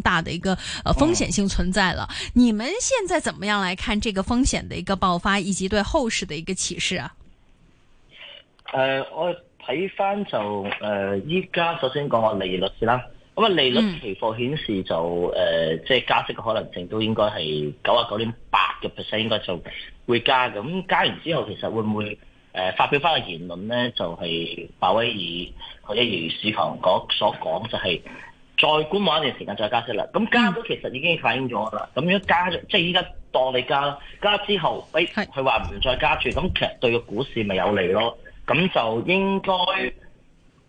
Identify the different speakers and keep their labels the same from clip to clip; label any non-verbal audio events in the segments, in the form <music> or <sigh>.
Speaker 1: 大的一個，呃，風險性存在了，嗯。你們現在怎麼樣來看這個風險的一個爆發，以及對後市的一個啟示啊？
Speaker 2: 誒、呃，我睇翻就誒，依、呃、家首先講個利率先啦。咁啊，利率期貨顯示就誒、嗯呃，即係加息嘅可能性都應該係九啊九點八嘅 percent 應該就會加的。咁加完之後，其實會唔會誒、呃、發表翻個言論咧？就係、是、鮑威爾佢一如市場講所講就係、是。再觀望一段時間，再加息啦。咁加咗，其實已經反映咗啦。咁樣加，即係依家當你加啦。加之後，誒、哎，佢話唔再加住，咁其實對個股市咪有利咯。咁就應該誒、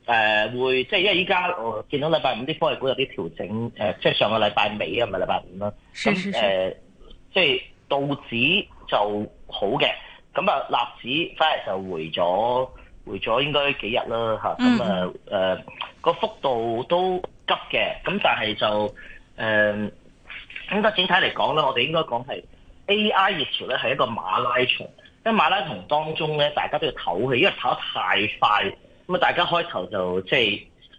Speaker 2: 呃、會，即係因為依家我見到禮拜五啲科技股有啲調整，呃、即係上個禮拜尾啊，唔係禮拜五啦。係係係。咁即係道指就好嘅，咁啊，納指返嚟就回咗回咗，應該幾日啦嚇？咁啊誒個幅度都。急嘅，咁但係就誒、嗯，應該整體嚟講咧，我哋應該講係 A.I. 熱潮咧係一個馬拉松，因為馬拉松當中咧，大家都要唞氣，因為跑得太快，咁啊大家開頭就即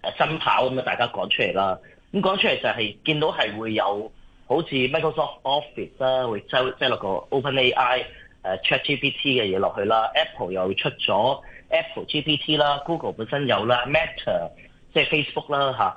Speaker 2: 係新跑咁啊，大家趕出嚟啦，咁講出嚟就係、是、見到係會有好似 Microsoft Office 啦，會即係落個 Open A.I. 誒、啊、Chat GPT 嘅嘢落去啦，Apple 又出咗 Apple GPT 啦，Google 本身有啦，Meta 即係 Facebook 啦嚇。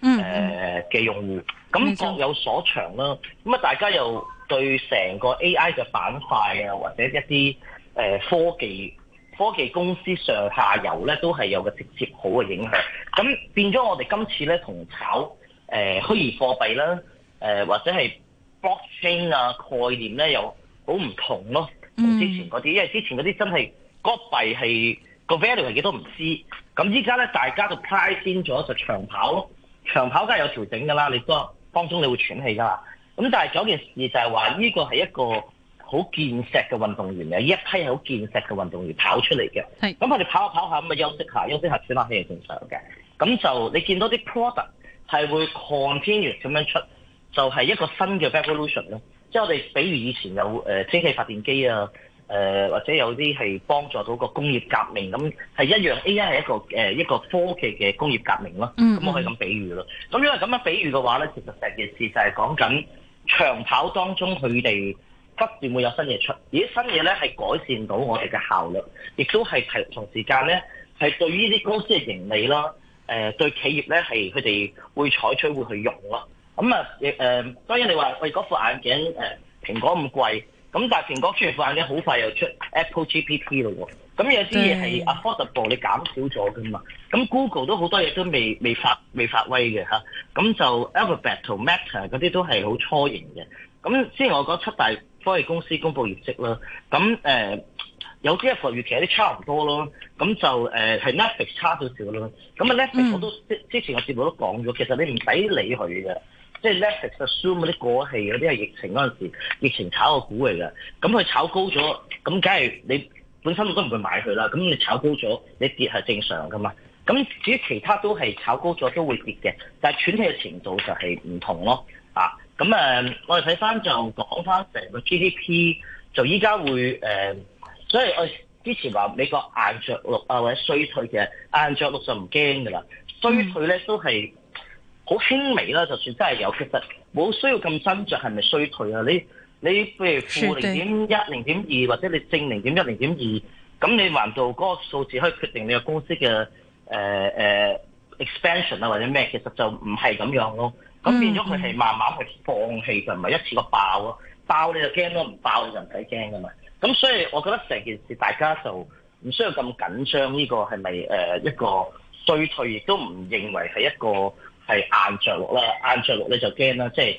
Speaker 2: 嗯，誒、嗯、嘅、呃、用戶，咁各有所長啦。咁啊，大家又對成個 AI 嘅板塊啊，或者一啲誒、呃、科技科技公司上下游咧，都係有個直接好嘅影響。咁變咗我哋今次咧，同炒誒虛擬貨幣啦，誒、呃、或者係 blockchain 啊概念咧，又好唔同咯。同之前嗰啲，因為之前嗰啲真係、個幣係、個 value 係幾多唔知，咁依家咧，大家都 price in 咗就長跑咯。長跑梗係有調整㗎啦，你當當中你會喘氣㗎啦，咁但係仲有件事就係話呢個係一個好健碩嘅運動員嚟，一批係好健碩嘅運動員跑出嚟嘅。咁佢哋跑下跑下咁咪休息下，休息下喘下氣係正常嘅。咁就你見到啲 product 係會 continue 咁樣出，就係一個新嘅 revolution 咯。即係我哋比如以前有誒，呃，蒸汽發電機啊。誒、呃、或者有啲係幫助到個工業革命咁，係一樣 AI 係一個、呃、一個科技嘅工業革命咯。咁我可以咁比喻咯。咁因為咁樣比喻嘅、mm -hmm. 話咧，其實成件事就係講緊長跑當中佢哋不斷會有新嘢出，而啲新嘢咧係改善到我哋嘅效率，亦都係同時間咧係對於呢啲公司嘅盈利啦，誒、呃、對企業咧係佢哋會採取會去用咯。咁啊亦當然你話喂，嗰副眼鏡誒、呃、蘋果咁貴。咁但係蘋果出完飯咧，好快又出 Apple GPT 咯喎，咁有啲嘢係 Affordable，你減少咗噶嘛？咁 Google 都好多嘢都未未發未發威嘅吓，咁就 Alphabet、Meta 嗰啲都係好初型嘅。咁之前我講七大科技公司公布業績啦，咁誒、呃、有啲業績其實都差唔多咯，咁就係、呃、Netflix 差少少咯。咁啊 Netflix 我都之、嗯、之前我節目都講咗，其實你唔使理佢嘅。即係 Netflix assume 嗰啲過氣嗰啲係疫情嗰陣時，疫情炒個股嚟嘅。咁佢炒高咗，咁梗係你本身我都唔會買佢啦。咁你炒高咗，你跌係正常噶嘛？咁至於其他都係炒高咗都會跌嘅，但係喘氣嘅程度就係唔同咯。啊，咁誒，我哋睇翻就講翻成個 GDP，就依家會誒、呃，所以我之前話美國硬着陸啊，或者衰退，嘅，硬着陸就唔驚噶啦，衰退咧都係。好輕微啦，就算真係有，其實冇需要咁斟酌。係咪衰退啊？你你譬如負零點一、零點二，或者你正零點一、零點二，咁你還到嗰個數字可以決定你個公司嘅誒、呃呃、expansion 啊，或者咩？其實就唔係咁樣咯。咁變咗佢係慢慢去放棄，就唔係一次過爆咯、啊。爆你就驚咯，唔爆你就唔使驚噶嘛。咁所以我覺得成件事大家就唔需要咁緊張呢、呢個係咪誒一個衰退，亦都唔認為係一個。係硬着陸啦，硬着陸你就驚啦，即係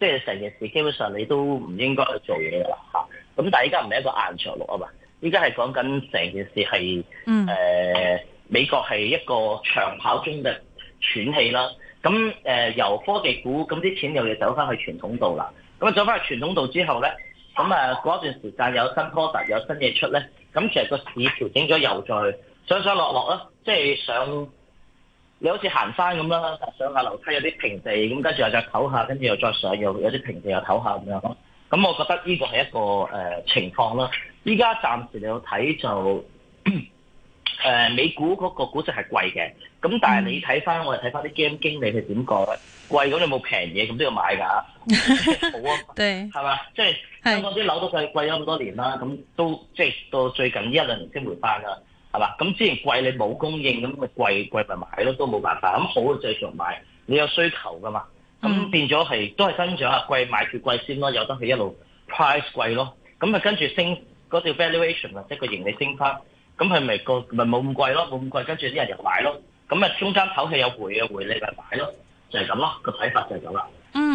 Speaker 2: 即係成件事基本上你都唔應該去做嘢啦嚇。咁但係依家唔係一個硬着陸啊嘛，依家係講緊成件事係誒、嗯呃、美國係一個長跑中嘅喘氣啦。咁誒由科技股，咁啲錢又要走翻去傳統度啦。咁啊走翻去傳統度之後咧，咁啊嗰一段時間有新 product 有新嘢出咧，咁其實個市調整咗又再上上落落啦，即係上。你好似行山咁啦，上下樓梯有啲平地，咁跟住又再唞下，跟住又再上，又有啲平地又唞下咁樣。咁我覺得呢個係一個、呃、情況啦。依家暫時你有睇就、呃、美股嗰個估值係貴嘅，咁但係你睇翻、嗯、我哋睇翻啲 game 經理係點講咧？貴咁你冇平嘢，咁都要買㗎。 <laughs> 好啊，係嘛？即係、就是、香港啲樓都貴貴咗咁多年啦，咁都即係到最近呢一兩年先回翻㗎。咁之前貴你冇供應，咁咪貴貴咪買咯，都冇辦法。咁好嘅繼續買，你有需求噶嘛？
Speaker 1: 咁變
Speaker 2: 咗係都係跟住啊，貴買住貴先咯，有得佢一路 price 貴咯。咁啊跟住升嗰條 valuation 啊，即、那、係個盈利升翻，咁係咪個咪冇咁貴咯？冇咁貴，跟住啲人又買就，就買咯。咁啊中間唞氣有回嘅回你咪買咯，就係咁咯，個睇法就係咁啦。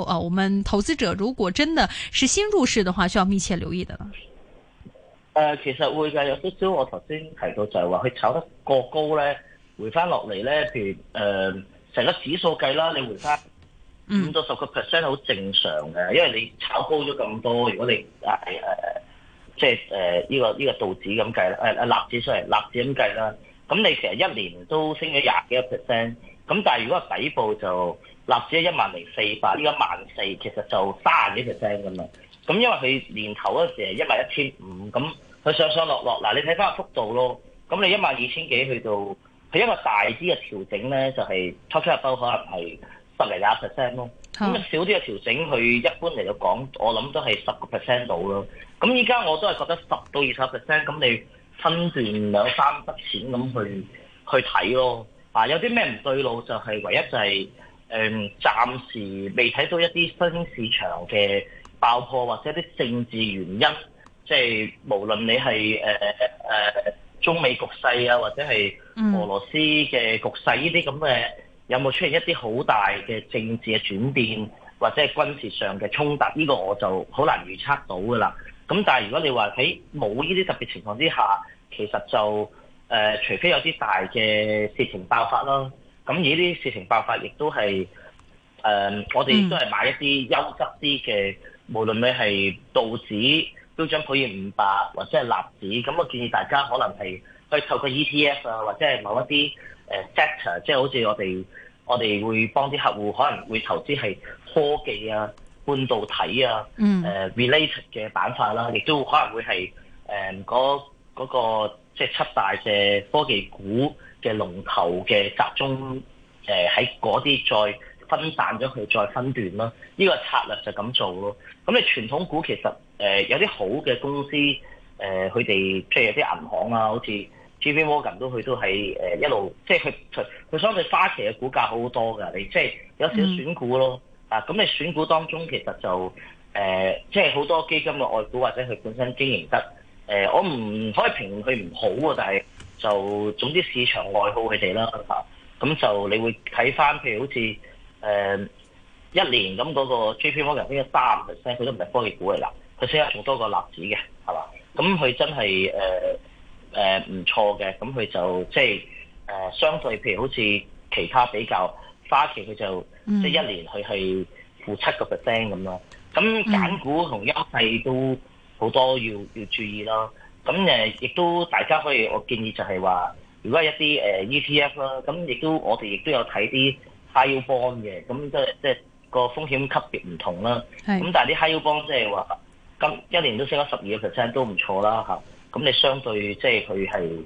Speaker 1: 哦，我們投資者如果真的是新入市的話，需要密切留意的誒、
Speaker 2: 呃，其實會噶有少少我頭先提到就係話佢炒得過高咧，回翻落嚟咧，譬如誒成、呃、個指數計啦，你回翻五到十個 percent 好正常嘅、嗯，因為你炒高咗咁多，如果你誒誒、呃、即係誒呢個呢、呢個道指咁計、呃、計啦，誒阿納指雖然納指咁計啦，咁你成日一年都升咗廿幾個 percent，咁但係如果底部就。立指一萬零四百，呢一萬四其實就三十幾 percent 咁啦。咁因為佢年頭嗰時係一萬一千五，咁佢上上落落嗱，你睇翻個幅度咯。咁你一萬二千幾去到，佢一個大啲嘅調整咧，就係 touch 下都可能係十零廿 percent 咯。咁少啲嘅調整，佢一般嚟到講，我諗都係十個 percent 到咯。咁依家我都係覺得十到二十 percent，咁你分段兩三筆錢咁去去睇咯。啊，有啲咩唔對路就係、是、唯一就係、是。誒暫時未睇到一啲新興市場嘅爆破，或者一啲政治原因，即係無論你係誒誒中美局勢啊，或者係俄羅斯嘅局勢呢啲咁嘅，有冇出現一啲好大嘅政治嘅轉變，或者係軍事上嘅衝突？呢個我就好難預測到㗎啦。咁但係如果你話喺冇呢啲特別情況之下，其實就誒除非有啲大嘅事情爆發啦。咁而呢啲事情爆發，亦都係誒，我哋都係買一啲優質啲嘅，無論你係道指、標準普爾五百或者係納指，咁我建議大家可能係去透過 ETF 啊，或者係某一啲誒 sector，即係好似我哋我哋會幫啲客戶可能會投資係科技啊、半導體啊、related 嘅板塊啦，亦都可能會係誒嗰嗰個即係七大嘅科技股。嘅龍頭嘅集中，喺嗰啲再分散咗佢，再分段咯。呢個策略就咁做咯。咁你傳統股其實有啲好嘅公司，佢哋即係有啲銀行啊，好似 TV m o r g a n 都佢都喺一路，即係佢佢相對花旗嘅股價好多㗎。你即係有少少選股咯。啊，咁你選股當中其實就即係好多基金嘅外股或者佢本身經營得我唔可以評佢唔好喎，但係。就總之市場愛好佢哋啦嚇，咁就你會睇返譬如好似誒、呃、一年咁嗰個 JP Morgan 嗰啲有三 percent，佢都唔係科技股嚟啦，佢成日仲多個臘子嘅，係嘛？咁佢真係誒誒唔錯嘅，咁佢就即係誒、呃、相對譬如好似其他比較花旗，佢、嗯、就即、是、係一年佢係負七個 percent 咁咯，咁揀股同優勢都好多要要注意啦。咁亦都大家可以，我建議就係話，如果係一啲 ETF 啦、啊，咁亦都我哋亦都有睇啲 High Yield Bond 嘅，咁即係即係個風險級別唔同啦。咁但係啲 High Yield Bond 即係話，今一年都升咗十二個 percent 都唔錯啦吓，咁你相對即係佢係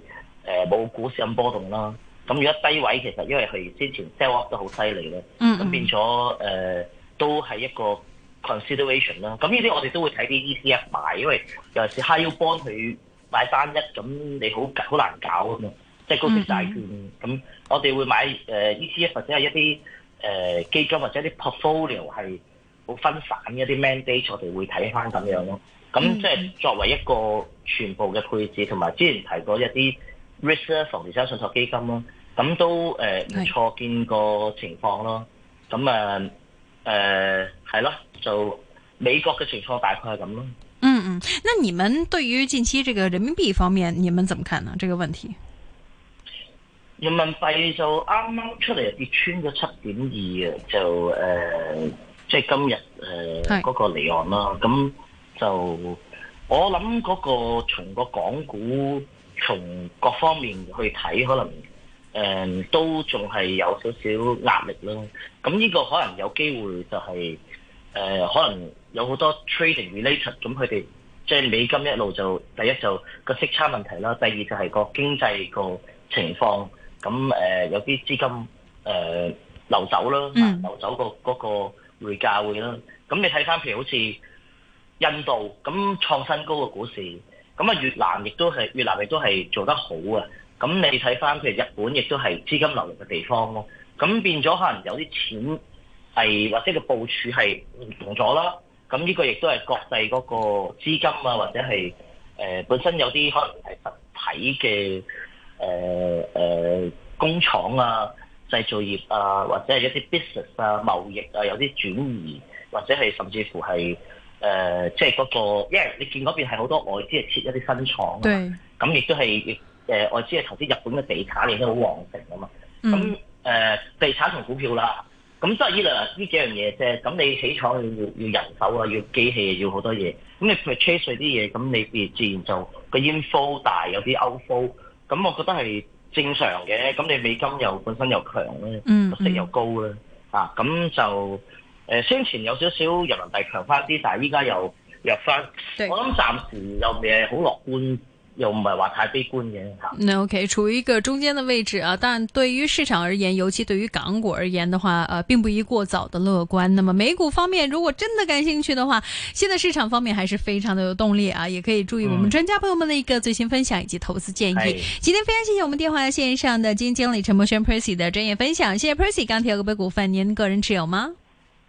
Speaker 2: 冇股市咁波動啦。咁如果低位其實因為佢之前 sell up 嗯嗯、呃、得好犀利呢，咁變咗誒都係一個。份 situation 啦，咁呢啲我哋都會睇啲 ETF 買，因為又係蝦腰 bond 去買單一，咁你好好難搞嘛。即、就、係、是、高息債券。咁、mm -hmm. 我哋會買誒、呃、ETF 或者係一啲誒基金或者啲 portfolio 係好分散一啲 man date，我哋會睇翻咁樣咯。咁即係作為一個全部嘅配置，同埋之前提過一啲 r e s e r v e 房地產信託基金咯，咁都誒唔、呃 mm -hmm. 錯見過情況咯。咁啊～、呃誒係咯，就美國嘅情況大概係咁咯。嗯嗯，
Speaker 1: 那你們對於近期這個人民幣方面，你們怎麼看呢？這個問題？
Speaker 2: 人民幣就啱啱出嚟跌穿咗七點二啊！就誒，即係今日誒嗰、呃那個離岸啦。咁就我諗嗰個從個港股，從各方面去睇，可能。誒、嗯、都仲係有少少壓力咯，咁呢個可能有機會就係、是、誒、呃、可能有好多 trading relation，咁、嗯、佢哋即係、就是、美金一路就第一就個息差問題啦，第二就係個經濟個情況，咁、嗯、誒、呃、有啲資金誒流、呃、走啦，流走、那個嗰個匯價會啦，咁你睇返譬如好似印度咁創新高嘅股市。咁啊，越南亦都係越南亦都係做得好啊！咁你睇返譬如日本亦都係資金流入嘅地方咯，咁變咗可能有啲錢係或者個部署係唔同咗啦。咁呢個亦都係國際嗰個資金啊，或者係誒、呃、本身有啲可能係實體嘅誒、呃呃、工廠啊、製造業啊，或者係一啲 business 啊、貿易啊有啲轉移，或者係甚至乎係。誒、呃，即係嗰、嗰個，因為你見嗰邊係好多外資係設一啲新廠，咁亦都係誒、呃、外資係投資日本嘅地產，亦都好旺盛啊嘛。咁、嗯、誒、嗯，地產同股票啦，咁都係呢兩呢幾樣嘢啫。咁你起廠要要人手啊，要機器，要好多嘢。咁你咪 chase 佢啲嘢，咁你，你自然就個 info 大有啲 outflow。咁我覺得係正常嘅。咁你美金又本身又強咧，息、嗯嗯、又高咧，啊咁就。呃，先前有少少人民幣強翻啲，但係依家又弱翻。我諗暫時又未係好樂觀，又唔係話
Speaker 1: 太悲觀嘅那、嗯、OK，處於一個中間的位置啊。但對於市場而言，尤其對於港股而言的話，呃，並不宜過早的樂觀。那麼美股方面，如果真的感興趣的話，現在市場方面還是非常的有動力啊。也可以注意我們專家朋友們的一個最新分享以及投資建議，嗯。今天非常謝謝我們電話線上的基金經理陳柏軒 Percy 的專業分享。謝謝 Percy e 鋼鐵個杯股份，您個人持有嗎？